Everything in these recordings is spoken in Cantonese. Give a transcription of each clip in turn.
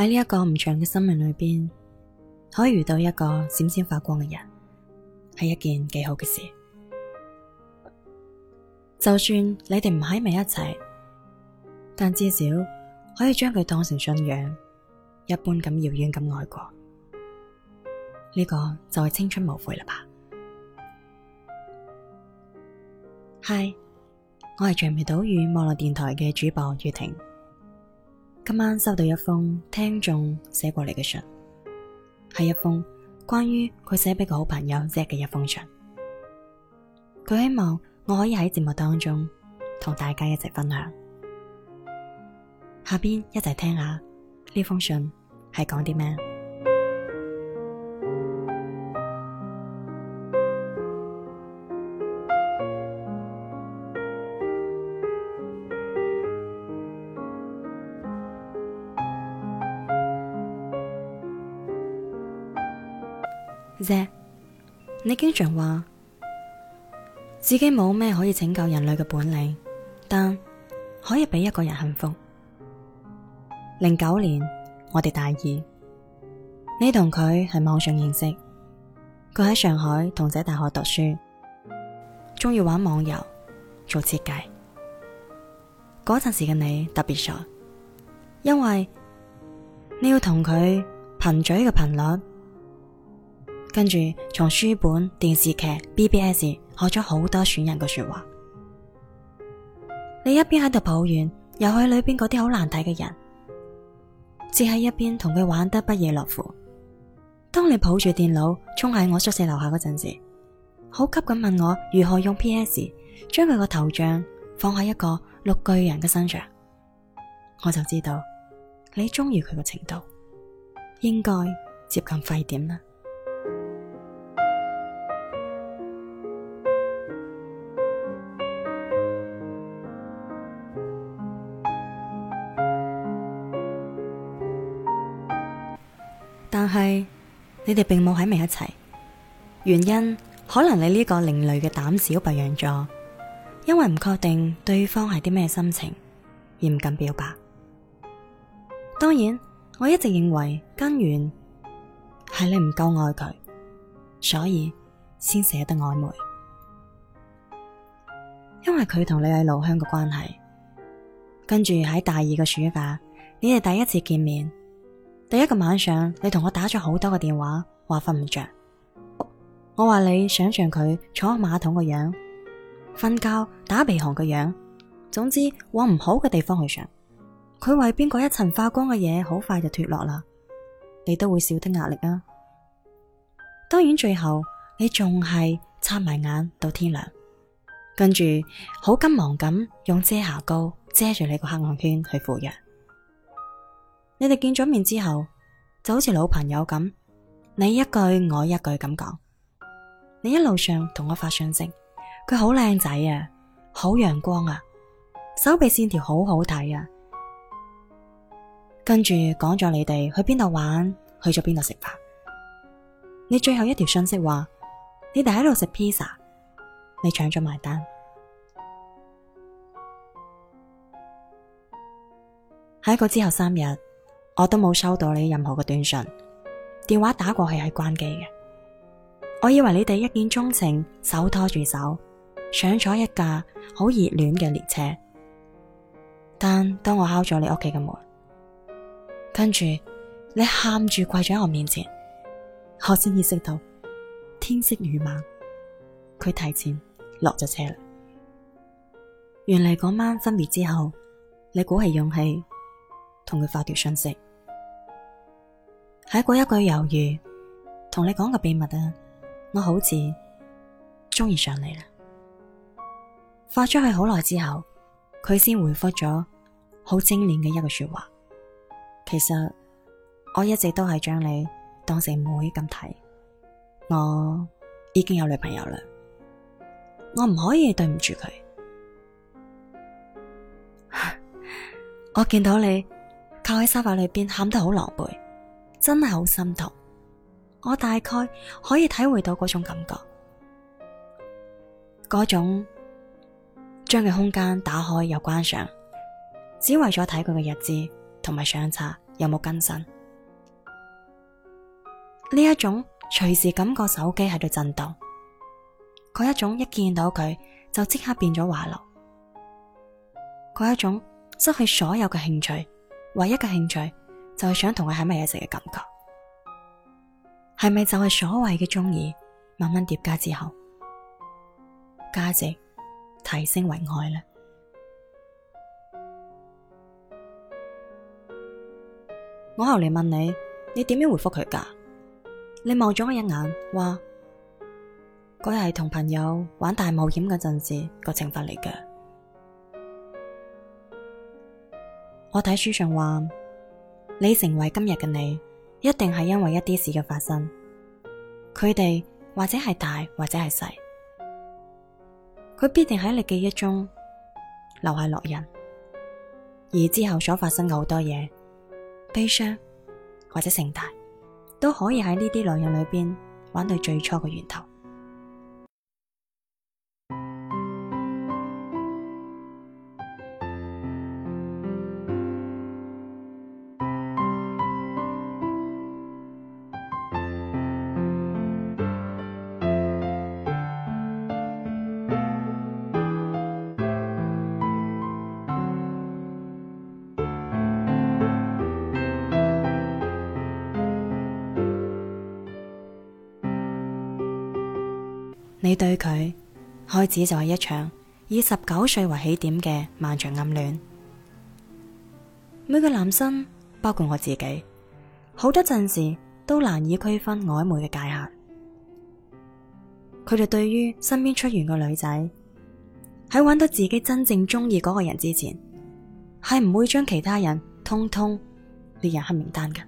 喺呢一個唔長嘅生命裏邊，可以遇到一個閃閃發光嘅人，係一件幾好嘅事。就算你哋唔喺埋一齊，但至少可以將佢當成信仰，一般咁遙遠咁愛過。呢、這個就係青春無悔啦吧？係，我係薔薇島嶼網絡電台嘅主播宇婷。今晚收到一封聽眾寫過嚟嘅信，係一封關於佢寫俾個好朋友 Z 嘅一封信。佢希望我可以喺節目當中同大家一齊分享。下邊一齊聽一下呢封信係講啲咩？啫，Z, 你經常話自己冇咩可以拯救人類嘅本領，但可以俾一個人幸福。零九年，我哋大二，你同佢喺網上認識，佢喺上海同濟大學讀書，中意玩網遊，做設計。嗰陣時嘅你特別傻，因為你要同佢貧嘴嘅頻率。跟住從書本、電視劇、BBS 學咗好多損人嘅說話。你一邊喺度抱怨，遊戲裏邊嗰啲好難睇嘅人，只係一邊同佢玩得不亦樂乎。當你抱住電腦衝喺我宿舍樓下嗰陣時，好急咁問我如何用 PS 將佢個頭像放喺一個綠巨人嘅身上，我就知道你中意佢嘅程度應該接近沸點啦。你哋並冇喺埋一齊，原因可能你呢個另類嘅膽小白羊座，因為唔確定對方係啲咩心情，而唔敢表白。當然，我一直認為根源係你唔夠愛佢，所以先捨得曖昧。因為佢同你係老鄉嘅關係，跟住喺大二嘅暑假，你哋第一次見面。第一個晚上，你同我打咗好多個電話，話瞓唔着。我話你想象佢坐喺馬桶嘅樣，瞓覺打鼻鼾嘅樣，總之往唔好嘅地方去想。佢為邊個一層發光嘅嘢，好快就脫落啦。你都會少啲壓力啊。當然最後你仲係撐埋眼到天亮，跟住好急忙咁用遮瑕膏遮住你個黑眼圈去赴約。你哋見咗面之後，就好似老朋友咁，你一句我一句咁講。你一路上同我發信息，佢好靚仔啊，好陽光啊，手臂線條好好睇啊。跟住講咗你哋去邊度玩，去咗邊度食飯。你最後一條信息話，你哋喺度食披薩，你搶咗埋單。喺個之後三日。我都冇收到你任何嘅短信，電話打過去係關機嘅。我以為你哋一見鍾情，手拖住手上咗一架好熱戀嘅列車，但當我敲咗你屋企嘅門，跟住你喊住跪咗喺我面前，我先意識到天色已晚，佢提前落咗車啦。原嚟嗰晚分別之後，你鼓起勇氣同佢發條信息。喺嗰一句猶豫，同你講個秘密啊，我好似鍾意上你啦。發出去好耐之後，佢先回覆咗好精煉嘅一個說話。其實我一直都係將你當成妹咁睇，我已經有女朋友啦，我唔可以對唔住佢。 我見到你靠喺沙發裏邊喊得好狼狽。真係好心痛，我大概可以體會到嗰種感覺，嗰種將佢空間打開又關上，只為咗睇佢嘅日誌同埋相冊有冇更新。呢一種隨時感覺手機喺度震動，嗰一種一見到佢就即刻變咗話癆，嗰一種失去所有嘅興趣，唯一嘅興趣。就係想同佢喺埋一齊嘅感覺，係咪就係所謂嘅鍾意？慢慢疊加之後，價值提升為愛呢。我後嚟問你，你點樣回復佢噶？你望咗我一眼，話嗰日係同朋友玩大冒險嗰陣時個情況嚟嘅。我睇書上話。你成為今日嘅你，一定係因為一啲事嘅發生，佢哋或者係大或者係細，佢必定喺你記憶中留下烙印。而之後所發生嘅好多嘢，悲傷或者盛大，都可以喺呢啲烙印裏邊搵到最初嘅源頭。你對佢開始就係一場以十九歲為起點嘅漫長暗戀。每個男生，包括我自己，好多陣時都難以區分曖昧嘅界限。佢哋對於身邊出現個女仔，喺揾到自己真正中意嗰個人之前，係唔會將其他人通通列入黑名單嘅。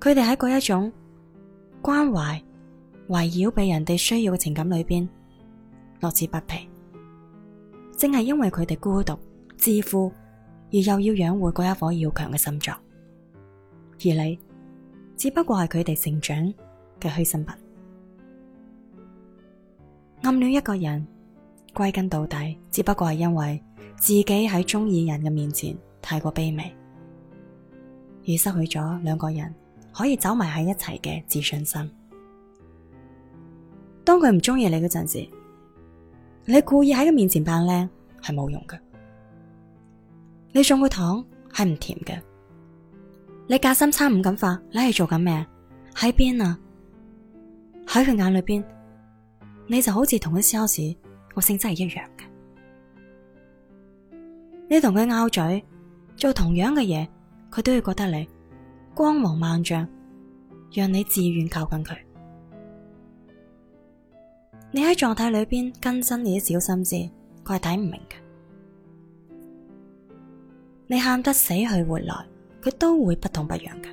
佢哋喺嗰一種關懷圍繞俾人哋需要嘅情感裏邊樂此不疲，正係因為佢哋孤獨、自負，而又要養活嗰一顆要強嘅心臟。而你只不過係佢哋成長嘅犧牲品。暗戀一個人，歸根到底只不過係因為自己喺中意人嘅面前太過卑微，而失去咗兩個人可以走埋喺一齊嘅自信心。當佢唔中意你嗰陣時，你故意喺佢面前扮靚係冇用嘅。你送個糖係唔甜嘅。你隔三差五咁發，你係做緊咩？喺邊啊？喺佢眼裏邊，你就好似同個 sales 個性質係一樣嘅。你同佢拗嘴，做同樣嘅嘢，佢都會覺得你光芒萬丈，讓你自願靠近佢。你喺狀態裏邊更新你啲小心思，佢係睇唔明嘅。你喊得死去活來，佢都會不痛不癢嘅。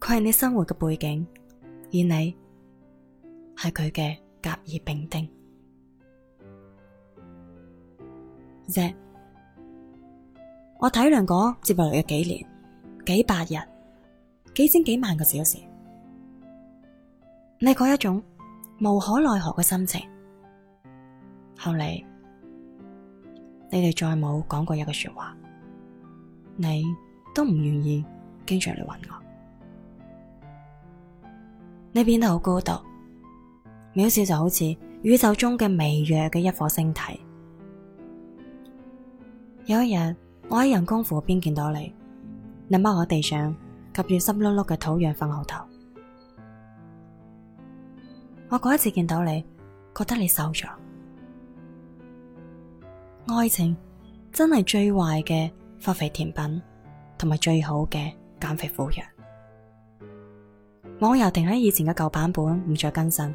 佢係你生活嘅背景，而你係佢嘅甲乙丙丁。Z, 我體諒過接落嚟嘅幾年、幾百日、幾千幾萬個小時，你嗰一種無可奈何嘅心情，後嚟你哋再冇講過一句說話，你都唔願意經常嚟揾我你變得好孤獨，渺小就好似宇宙中嘅微弱嘅一顆星體。有一日，我喺人工湖邊見到你，你踎喺地上，及住濕漉漉嘅土壤瞓牛頭。我嗰一次見到你，覺得你瘦咗。愛情真係最壞嘅發肥甜品，同埋最好嘅減肥苦藥。網遊停喺以前嘅舊版本，唔再更新，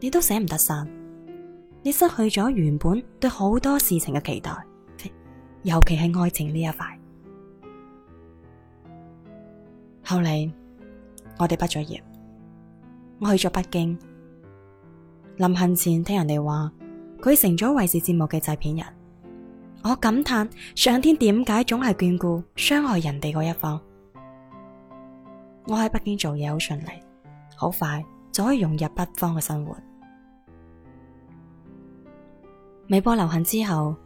你都捨唔得刪。你失去咗原本對好多事情嘅期待，尤其係愛情呢一塊。後嚟我哋畢咗業，我去咗北京。臨行前聽人哋話佢成咗衛視節目嘅製片人，我感嘆上天點解總係眷顧傷害人哋嗰一方。我喺北京做嘢好順利，好快就可以融入北方嘅生活。微博流行之後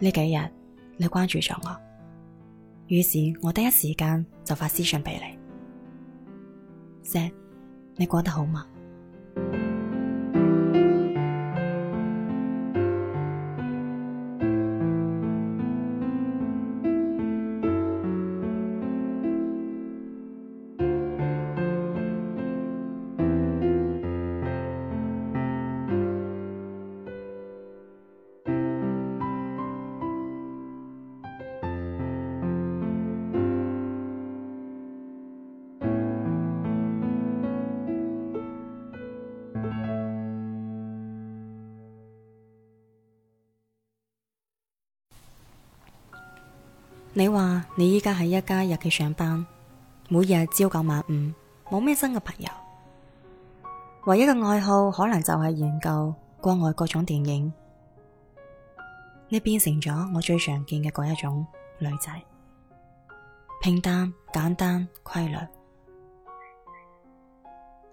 呢幾日你關注咗我，於是我第一時間就發私信俾你，Z，你過得好嗎？你話你依家喺一家日企上班，每日朝九晚五，冇咩新嘅朋友，唯一嘅愛好可能就係研究國外各種電影。你變成咗我最常見嘅嗰一種女仔，平淡、簡單、規律，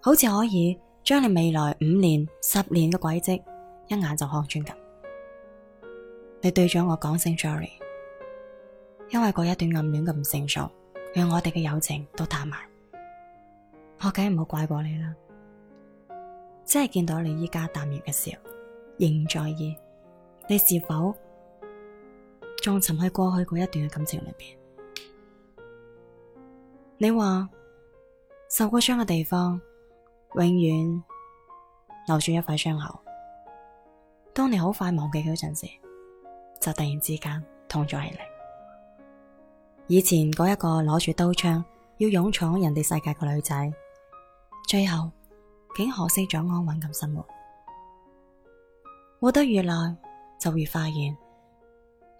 好似可以將你未來五年、十年嘅軌跡一眼就看穿咁。你對咗我講聲「Sorry」。因為嗰一段暗戀嘅唔成熟，讓我哋嘅友情都淡埋。我梗係唔好怪過你啦。只係見到你依家淡然嘅笑，仍在意你是否仲沉喺過去嗰一段嘅感情裏邊。你話受過傷嘅地方，永遠留住一塊傷口。當你好快忘記佢嗰陣時，就突然之間痛咗起嚟。以前嗰一個攞住刀槍要勇闖人哋世界嘅女仔，最後竟學識咗安穩咁生活。活得越耐就越發現，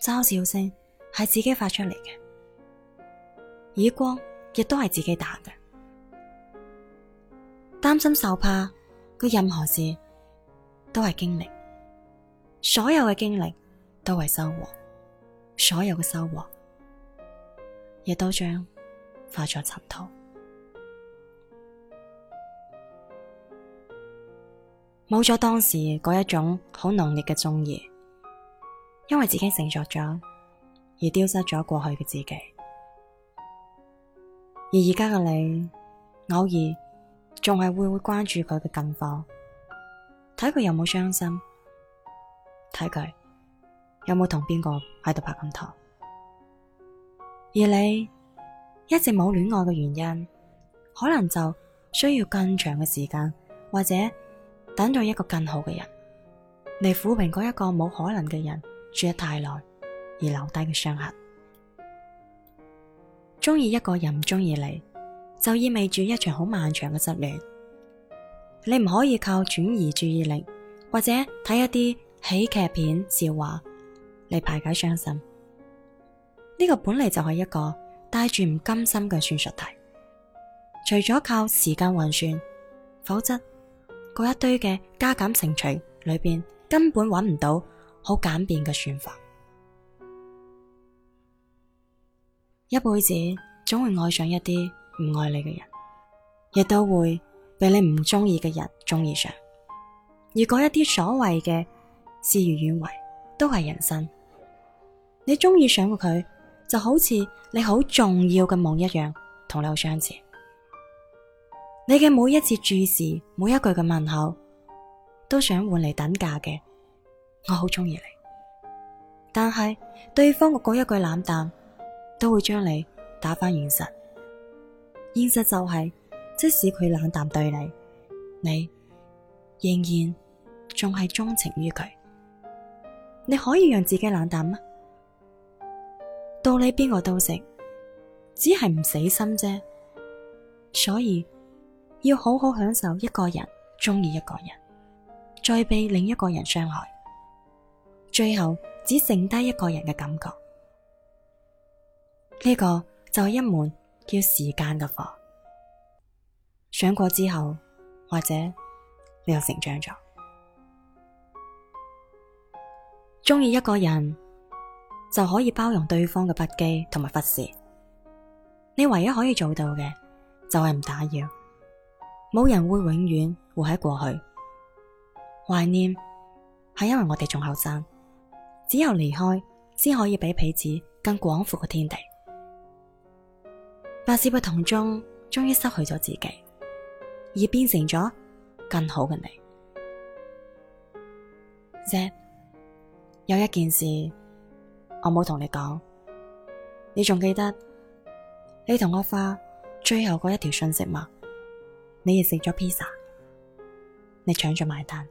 嘲笑聲係自己發出嚟嘅，耳光亦都係自己打嘅。擔心受怕佢，任何事都係經歷，所有嘅經歷都係收穫，所有嘅收穫。亦都將化作塵土，冇咗當時嗰一種好濃烈嘅鍾意，因為自己成熟咗而丟失咗過去嘅自己，而而家嘅你，偶爾仲係會會關注佢嘅近況，睇佢有冇傷心，睇佢有冇同邊個喺度拍緊拖。而你一直冇戀愛嘅原因，可能就需要更長嘅時間，或者等咗一個更好嘅人嚟撫平嗰一個冇可能嘅人住得太耐而留低嘅傷痕。中意一個人唔中意你，就意味住一場好漫長嘅失戀。你唔可以靠轉移注意力或者睇一啲喜劇片、笑話嚟排解傷心。呢個本嚟就係一個帶住唔甘心嘅算術題，除咗靠時間運算，否則嗰一堆嘅加減乘除裏邊根本揾唔到好簡便嘅算法。一輩子總會愛上一啲唔愛你嘅人，亦都會俾你唔中意嘅人中意上。而嗰一啲所謂嘅事與願違，都係人生。你中意上過佢。就好似你好重要嘅夢一樣，同你好相似。你嘅每一次注視，每一句嘅問候，都想換嚟等價嘅。我好中意你，但係對方嘅嗰一句冷淡，都會將你打返現實。現實就係、是，即使佢冷淡對你，你仍然仲係鍾情於佢。你可以讓自己冷淡嗎？到你邊個都食，只係唔死心啫。所以要好好享受一個人，中意一個人，再被另一個人傷害，最後只剩低一個人嘅感覺。呢個就係一門叫時間嘅課。上過之後，或者你又成長咗，中意一個人。就可以包容對方嘅不羈同埋忽視。你唯一可以做到嘅就係、是、唔打擾。冇人會永遠活喺過去，懷念係因為我哋仲後生，只有離開先可以俾彼此更廣闊嘅天地。百思不同中，終於失去咗自己，而變成咗更好嘅你。Z，有一件事。我冇同你講，你仲記得你同我花最後嗰一條信息嘛？你亦食咗披薩，你搶咗埋單。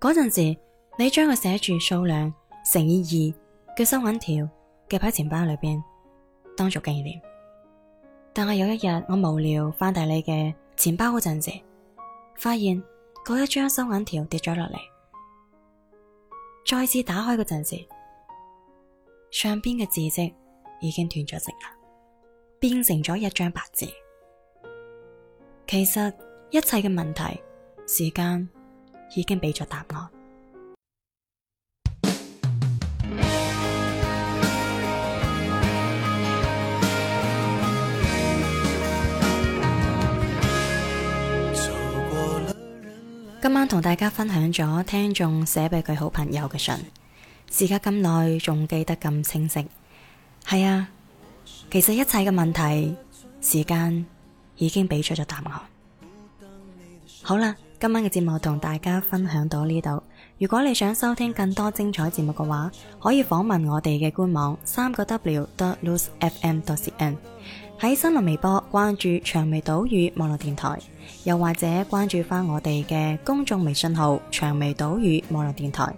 嗰陣時，你將個寫住數量乘以二嘅收銀條夾喺錢包裏邊，當作紀念。但係有一日，我無聊翻大你嘅錢包嗰陣時，發現嗰一張收銀條跌咗落嚟。再次打開嗰陣時，上邊嘅字跡已經斷咗色啦，變成咗一張白紙。其實一切嘅問題，時間已經俾咗答案。今晚同大家分享咗聽眾寫俾佢好朋友嘅信，時隔咁耐仲記得咁清晰。係啊，其實一切嘅問題，時間已經俾出咗答案。好啦，今晚嘅節目同大家分享到呢度。如果你想收聽更多精彩節目嘅話，可以訪問我哋嘅官網，三個 W dot lose FM dot cn。喺新浪微博關注長尾島嶼網絡電台，又或者關注翻我哋嘅公眾微信號長尾島嶼網絡電台。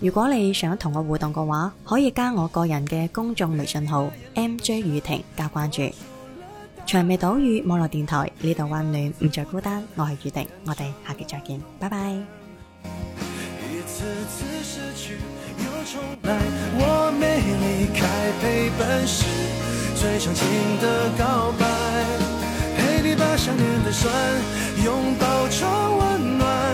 如果你想同我互動嘅話，可以加我個人嘅公眾微信號 NJ 宇婷加關注。長尾島嶼網絡電台，呢度溫暖，唔再孤單。我係宇婷，我哋下期再見，拜拜。最長情的告白，陪你把想念的酸擁抱成溫暖。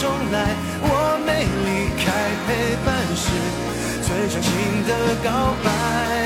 重來，我沒離開，陪伴是最長情的告白。